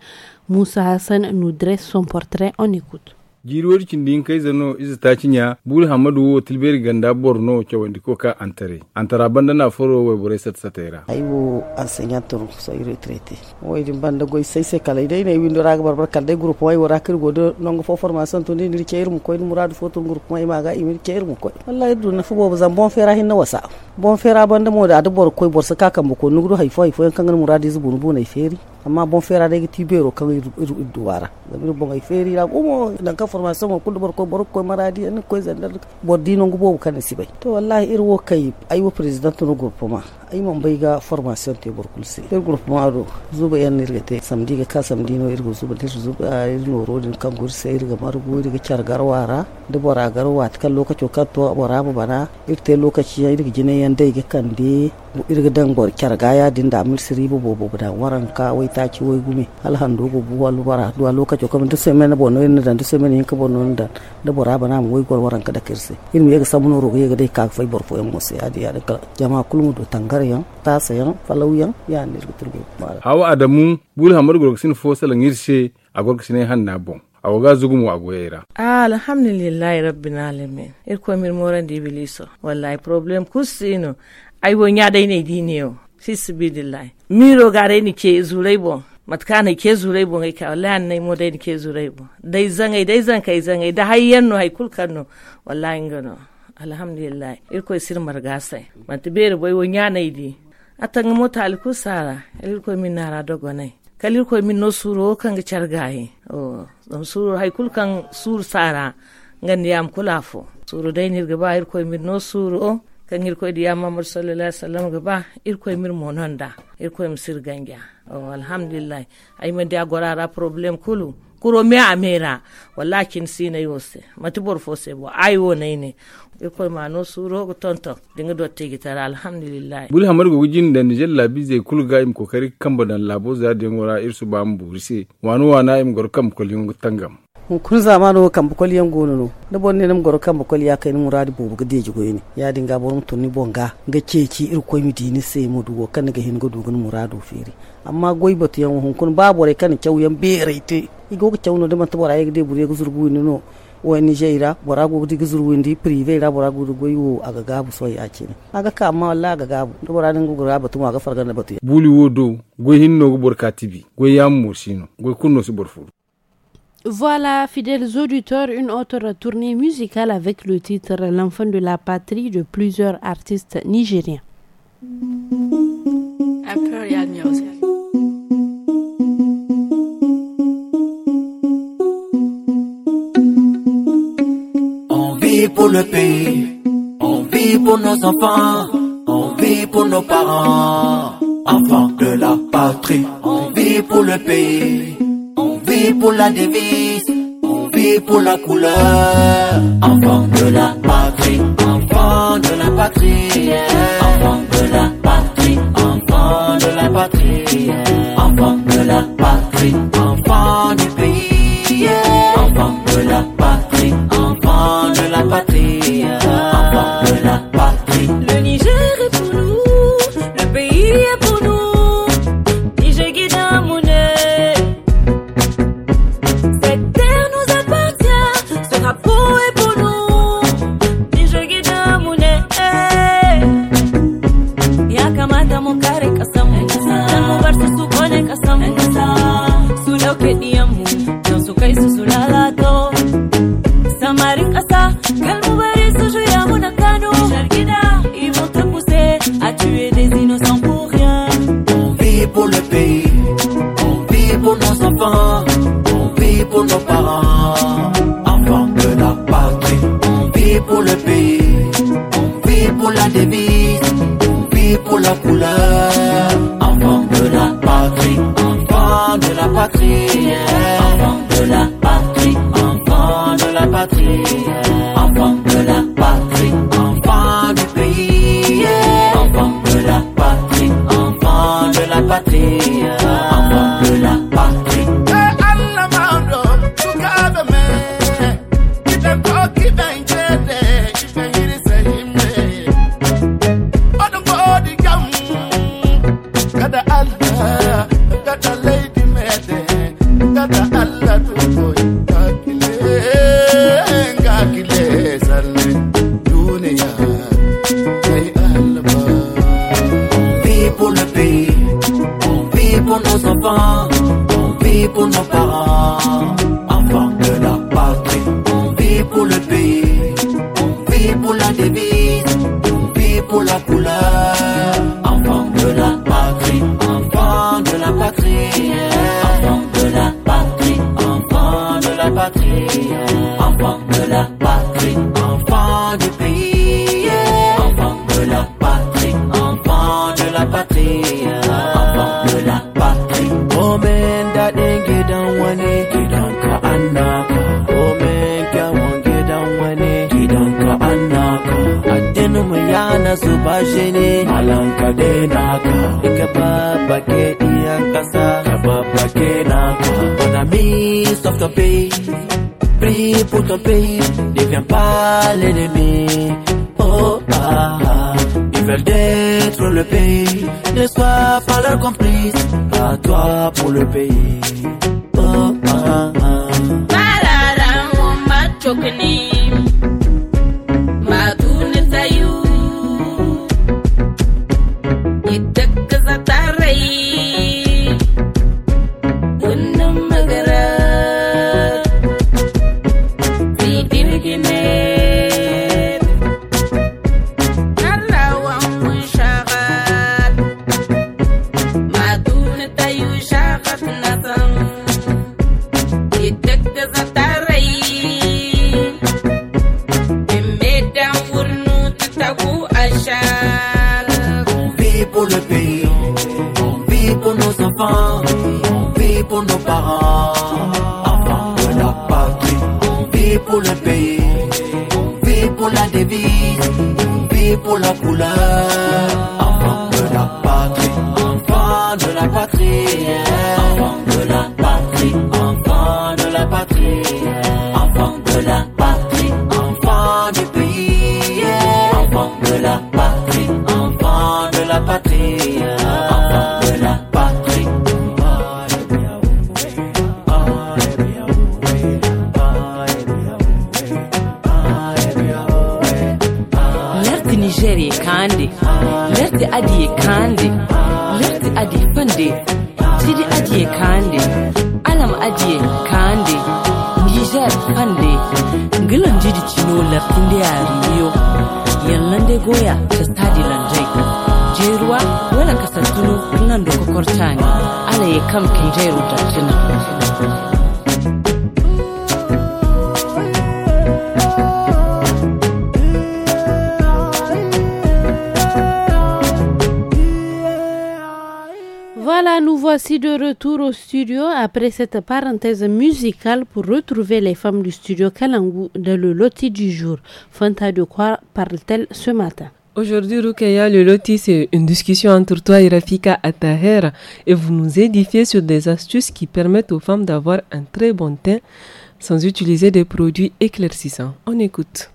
Moussa Hassan nous dresse son portrait, on écoute. jirori cindin kai zano isa ta cinya buri hamadu wo tilberi ganda borno ke wandi ko ka antare antara banda na foro we ta sat satera yi wo enseignateur so i retraité wo idin banda goy sai sai kala idai ne windo raga barbar kan dai groupe wai wora kir godo nongo fo formation to ni ni mu irum koy muradu fo to groupe mai maga i mi ke mu koy wallahi du na fo bobu zan bon fera hin na wasa bon fera banda mo da bor koy bor sa kan bo ko nugudu haifo haifo kan muradu zubu bu na feri amma bon fera de bero kan iru duwara da mi bon feri la umo dan ka formation ko kullu barko barko maradi en ko zandar bodino ngubo kan sibai to wallahi irwo kai aiwo president no ma. ay man bay ga formation te burkulsi ir group ma ado zuba yan irga te samdi ga ka samdi ir irgo zuba te zuba ir no rodin kan gur se ga mar go ga char garwara da bora garwa ta kan lokaci ka to bora ba bana ir irte lokaci ga jine yan dai ga kan de ir ga dan bor char ga ya din da mil siri bo bo da waran ka wai ta ci wai gumi alhamdu go bu wal bara duwa lokaci kuma da sai mena bono ne dan da sai mena ka bono dan da bora bana mu wai gor waran ka da kirse irmi ga sabuno ro ga ga dai ka fai bor fo yan adi ya da jama'a kulmu do tangar yan tasa yan falau yan ya ne a hawa adamu bul hamar goroksin fo salan yirse han na bon awoga a agoyera ah, alhamdulillahi rabbil alamin irko mir moran di biliso wallahi problem kusino ai won ya dai ne diniyo sisibidillahi miro gare ni ke zurai bon matka na ke zurai bon kai wallahi mo dai ke zurai bon dai zangai dai zankai zangai da hayyan no hay kulkan no wallahi ngano alhamdulillah irko sir margasai manti bere boy won yana di atanga mota aliku sara irko min nara dogonai kalir ko min no suro kan ga chargaye o dum suro hay kul kan sur sara ngan yam kulafo suro dai nir gaba ir ko min no suro kan ir ko yam mamar sallallahu alaihi wasallam gaba ir ko mir mononda ir ko sir ganga o alhamdulillah ay man dia gorara problem kulu kuro me mera walakin se yose matibor fose bo ayo ko ikoy mano suro tonto dinga do te tara alhamdulillah buli hamar go gujin da nijel labi zai kulga im kokari kamba dan labo za de ngora irsu bambu rise wanu wana im gor kam kolin tangam kun zama no kan bukoli yan gono no da bon ne nam goro kan bukoli ya kai radi bubu ga deji goyini ya dinga borum tunni bonga ga keki ir koy mi dini sai mu dugo kan ga hin go gun muradu firi amma goy batu yan hun kun ba bore kan kyau yan bere te igo ga kyau no da mata bora ga de bure ga zurgu ni no wa Nigeria bora go di zurgu windi prive ra bora go go yo aga gabu so ya ce ne aga ka amma walla aga gabu da bora din go ra batu ma ga fargan da batu buli wodo go hinno go borka tibi go yam mursino go kunno si borfuru Voilà, fidèles auditeurs, une autre tournée musicale avec le titre L'enfant de la patrie de plusieurs artistes nigériens. Imperial Music. On vit pour le pays, on vit pour nos enfants, on vit pour nos parents, enfants de la patrie, on vit pour le pays vit pour la devise, on vit pour la couleur. Enfant de la patrie, enfant de la patrie. après cette parenthèse musicale pour retrouver les femmes du studio Kalangu dans le loti du jour. Fanta de quoi parle-t-elle ce matin Aujourd'hui, Rukaya, le loti, c'est une discussion entre toi et Rafika Atahera et vous nous édifiez sur des astuces qui permettent aux femmes d'avoir un très bon teint sans utiliser des produits éclaircissants. On écoute.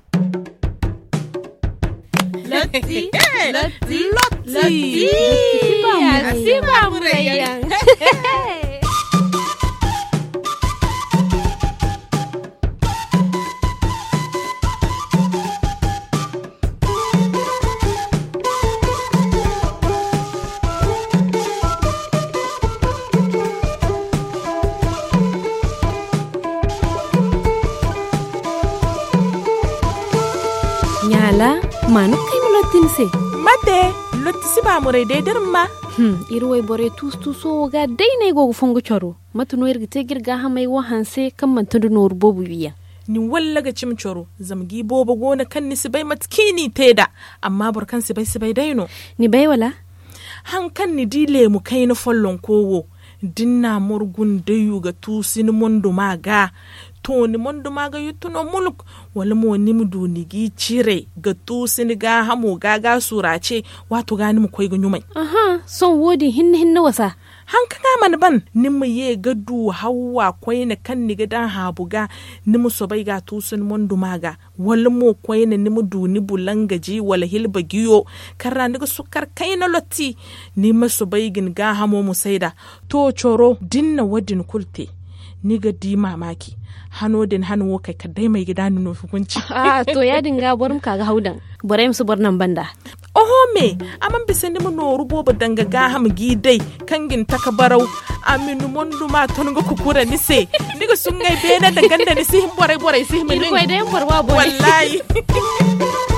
mana kai mu lottin se mate lotti si ba mu re de ma hmm irwai bore tus tuso ga dai ne go fungu choro matu no irgi te girga ha mai wa hanse kan man tundu no rubo buwiya ni walla ga cim choro bobo gona kan ni si bai matkini da amma bor kan si bai si bai daino. ni bai wala han kan ni dile mu kai na follon kowo dinna murgun dayu ga tusin mundu maga toni mondo maga yutuno muluk wala mo nimdu nigi cire ga tusin ga hamo ga ga surace wato ga nimu koi ga nyumai aha son wodi hinna na wasa hankana man ban nimu ye ga du hawa koi na kan ni ga dan habuga nimu so bai ga tusin mondo maga wala mo koi na nimu du ni bulangaji wala hilba giyo karra ni ga sukar kai na lotti ni maso bai gin ga hamo to choro dinna wadin kulte ni ga di mamaki hano din hano wo kai dai mai gida ni no hukunci ah to ya dinga borum kaga haudan boraim su bornan banda oho me aman bisa ni mu rubo boba danga ga ham gidai kangin barau aminu mondu ma ton go kukura ni se ni ga sun gai be na danganda ni si borai borai si min ni ko dai borwa borai wallahi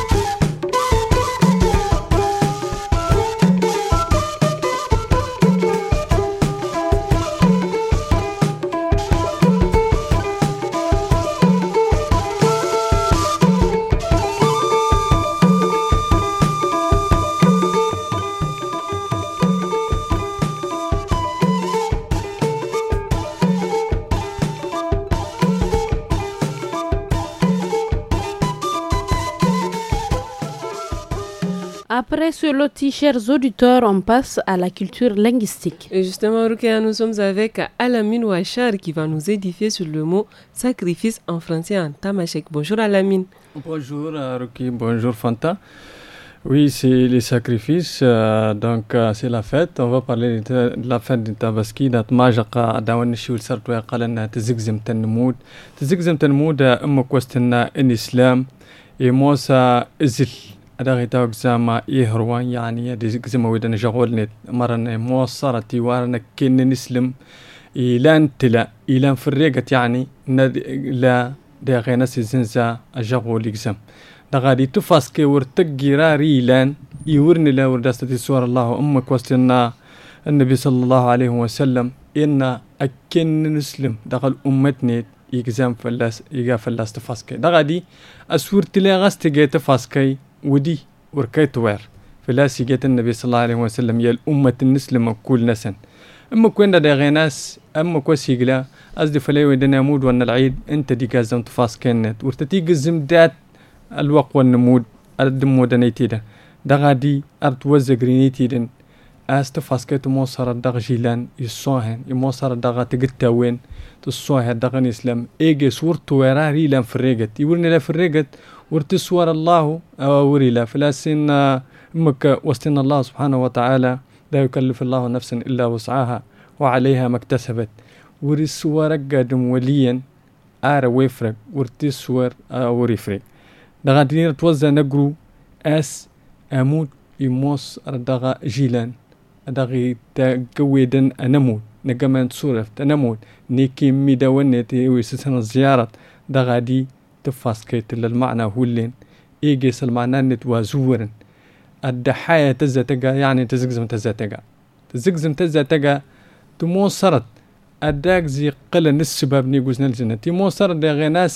loti, chers auditeurs, on passe à la culture linguistique. justement, Rukia, nous sommes avec Alamine Ouachar qui va nous édifier sur le mot sacrifice en français en tamashek. Bonjour Alamine. Bonjour euh, Ruki, bonjour Fanta. Oui, c'est les sacrifices, euh, donc euh, c'est la fête. On va parler de, la fête de Tabaski. دات la fête أداغي تاوك زاما إيهروان يعني يدي زما ويدنا جغولني مرنا موصرتي وارنا كن نسلم إيلان تلا إيلان فريقت يعني ند لا داغي ناس زنزا أجغولي زم دغادي تفاس كي ورتقي ريلان يورني لا ورداستي سور الله أمك وستنا النبي صلى الله عليه وسلم إن أكن نسلم دغال أمتني يكزام فلاس يقا فلاس تفاسكي دغادي أسورتي لا غاستي تفاسكي ودي وركيت وير فلا سيجت النبي صلى الله عليه وسلم يا الأمة النسلم كل نسن أما كوين دا غيناس أما كو سيجلا أزدي فلاي ودنا مود وأن العيد أنت دي كازم تفاس كانت ورتتي قزم دات الوق والنمود أردم ودنيتي دا دغادي أرد وزقرينيتي دن أستفاس كيتو موصر الدغ جيلان يصوهن يموصر دغا تقتاوين تصوهن دغن إسلام إيجي صورتو ويراري لان فريقت يورني لا فريقت ورتسوار الله آه، وريلا فلاسين آه، مك وستن الله سبحانه وتعالى لا يكلف الله نفسا إلا وسعها وعليها ما اكتسبت ورسوار قدم وليا آر ويفرق ورتسور آه، وريفرق دغا دينير توزا نقرو أس أموت يموس ردغا جيلان دغي تقويدا أنموت نقمان تصورف تنموت نيكي ميدا ونتي ويسسن الزيارة دغادي تفاس كيتل المعنى هولين إيجيس المعنى نتوازورن الدحاية تزا تجا يعني تزقزم تزا تجا تزقزم تزا تمو صرت أداك زي قلن السباب نيجوز نلجنة تمو صرت دي ناس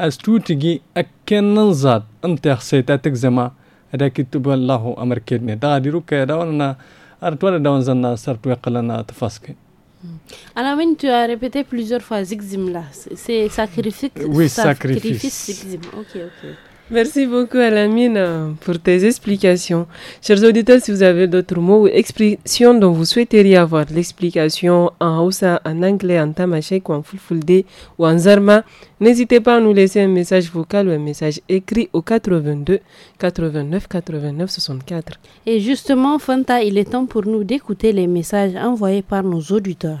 أستوتجي أكن ننزاد أنت خسيتا تجزما أداك تبا الله أمر كيدني دا ديروك دا وانا أرتوانا دا وانزلنا صرت ويقلنا تفاسكين Hmm. Alors, tu as répété plusieurs fois Zigzim là. C'est sacrifice. Oui, sacrifice. Zigzim. Ok, Merci beaucoup Alamine pour tes explications. Chers auditeurs, si vous avez d'autres mots ou expressions dont vous souhaiteriez avoir l'explication en Hausa, en anglais, en tamashek ou en fulfulde ou en zarma, n'hésitez pas à nous laisser un message vocal ou un message écrit au 82 89 89 64. Et justement, Fanta, il est temps pour nous d'écouter les messages envoyés par nos auditeurs.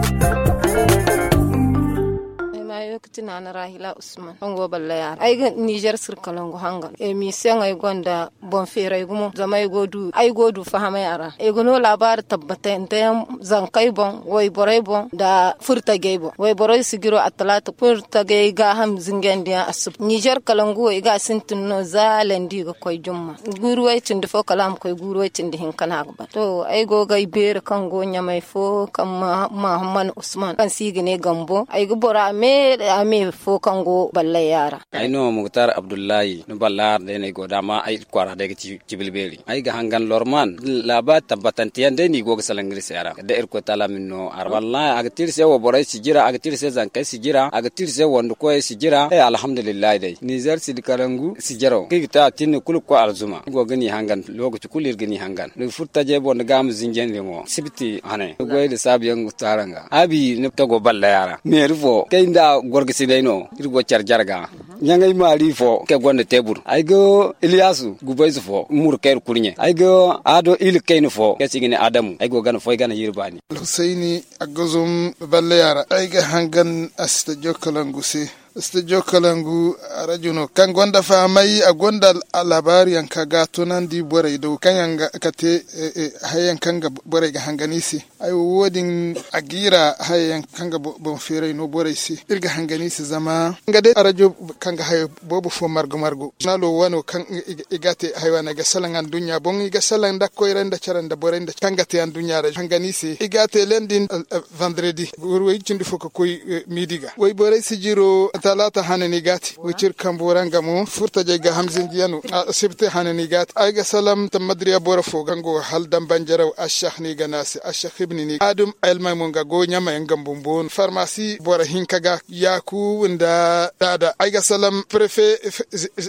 lokacin na na rahila usman hango balla yara ai niger sirkalango hanga e mi sen ai gonda bon fere gumo zama ai godu ai godu fahama yara e gono labar tabbata inta zan kai bon wai borai bon da furta gei bon wai borai sigiro atlata furta gei ga ham zingen dia asub niger kalango e ga zalen di ga koy jumma guruwai cindi fo kalam koy guruwai cindi hin kana ba to ai go ga ber kango go nyamai fo kam mahamman usman kan sigine gambo ai go bora me ami fo kango balle yara ai no muktar abdullahi no balla de ne goda ma ai kwara de cibilbeli ai ga hangan lorman la ba tabatanti ande ni go salangri sera de er ko tala min no ar wallahi agtir se wo boray sigira agtir se zan kai sigira agtir se won ko ci jira e alhamdulillah dai nizar sid karangu ci jaro ke kigta tin kul ko arzuma go gani hangan logo ci kulir gani hangan no furta je bon gam zinjen le mo sibiti hane go de sabiyan taranga abi ne to go balla yara mervo kai da borgo sidaino irgo char jarga nyanga imali fo ke gonde tebur aigo iliasu gubais fo mur ker kurnye aigo ado il kain fo ke sigine adamu aigo gan fo gan yirbani husaini agozum baleyara aiga hangan asta jokalangusi studio kalangu rajuno kan gonda famai a gonda labari yan ka gato nan di borai da kan yan ka te e, e, hayan kan ga borai ga hanganisi ai wodin agira hayan kan ga bon ferai no borai si irga hanganisi zama ga de rajo kan ga hayo bobo fo margo margo na wano kan igate haywana ga salan an dunya bon iga salan da ko iranda charan borai da kan ga te an dunya rajo hanganisi igate lendin vendredi gurwe cindi fo ko e, midiga way borai si jiro ثلاثة حننيقات وشير كامبورانغامو فرطة جيغا همزين ديانو سبت حننيقات أيغا سلام تمدري أبورا فوغانغو حل دم بنجرو أشخ نيغا ناسي أشخ ابنني آدم ألما مونغا غو نياما ينغم بومبون فارماسي بورا هنكاغا ياكو وندا دادا أيغا سلام بريفي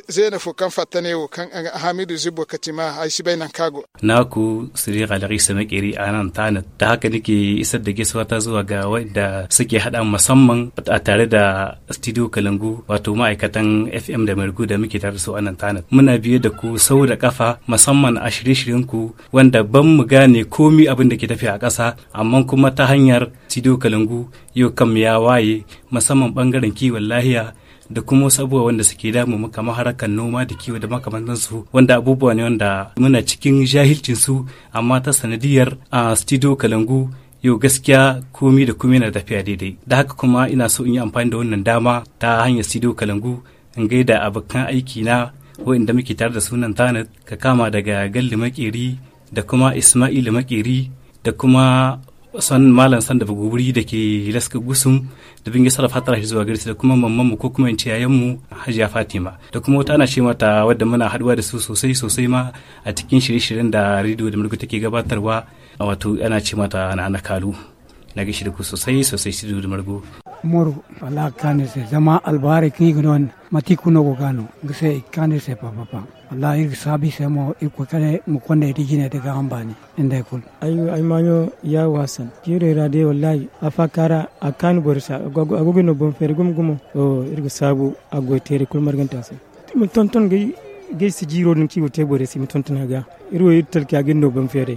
زينفو كان فاتنيو كان حميدو زبو كتما أيشي بينان كاغو ناكو سريغ على غيسة مكيري آنان تانا تاكا نيكي إسد ديجي سواتا زواغا وإدا سكي حد أم مسمم أتاري دا استيديو Radio kalangu wato ma'aikatan fm da margu da muke tare su a nan tanan muna biye da ku sau da kafa musamman a shirye-shiryen ku wanda ban mu gane komi abin da ke tafiya a ƙasa amma kuma ta hanyar studio kalangu yau kam ya waye musamman bangaren kiwon lahiya da kuma wasu abubuwa wanda suke damu mu kamar harakan noma da kiwo da makamantansu wanda abubuwa ne wanda muna cikin jahilcin su amma ta sanadiyar a studio kalangu yau gaskiya komi da komi na tafiya daidai da haka kuma ina so in yi amfani da wannan dama ta hanyar studio kalangu in gaida abokan aiki na wa'inda muke tare da sunan tanit ka kama daga galli makeri da kuma ismail makeri da kuma san malam san da baguburi da ke laska gusum da bin gisar fatara shi zuwa garisa da kuma mamman mu ko kuma in ce yayan mu hajiya fatima da kuma wata ana ce mata wadda muna haduwa da su sosai sosai ma a cikin shirye-shiryen da rediyo da mulki take gabatarwa wato ana ce mata ana kalu na gaishe da ku sosai sosai su da margo moru wala kane sai zama albare ki gnon mati kuno go gano gse kane se papa papa wala ir sabi sai mo iko kane mu konde di gine daga ambani inda kul ayu ay manyo ya wasan kire ra de wallahi afakara akan borsa agogo no bon fer gum gum o irgo sabu agotere kul marganta sai timin tonton gei gei si jiro dun kiwo tebore si mun tonton haga irwo yittal ka gindo bon fere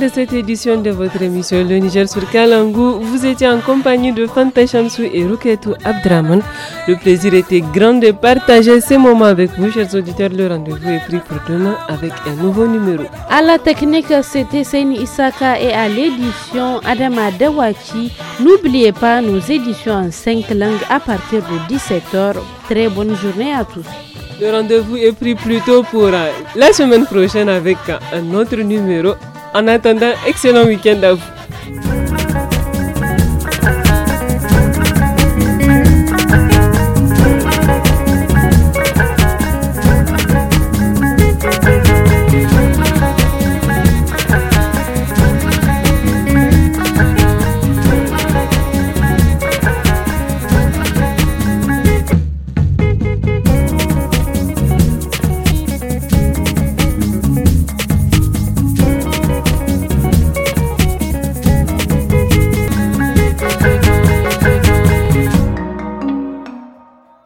de cette édition de votre émission Le Niger sur Kalangou. Vous étiez en compagnie de Fanta Chamsou et Ruketu Abdraman. Le plaisir était grand de partager ces moments avec vous, chers auditeurs. Le rendez-vous est pris pour demain avec un nouveau numéro. À la technique, c'était Seine Isaka et à l'édition Adama Dewachi. N'oubliez pas nos éditions en 5 langues à partir de 17h. Très bonne journée à tous. Le rendez-vous est pris plutôt pour euh, la semaine prochaine avec un autre numéro. En attendant, excellent week-end à vous.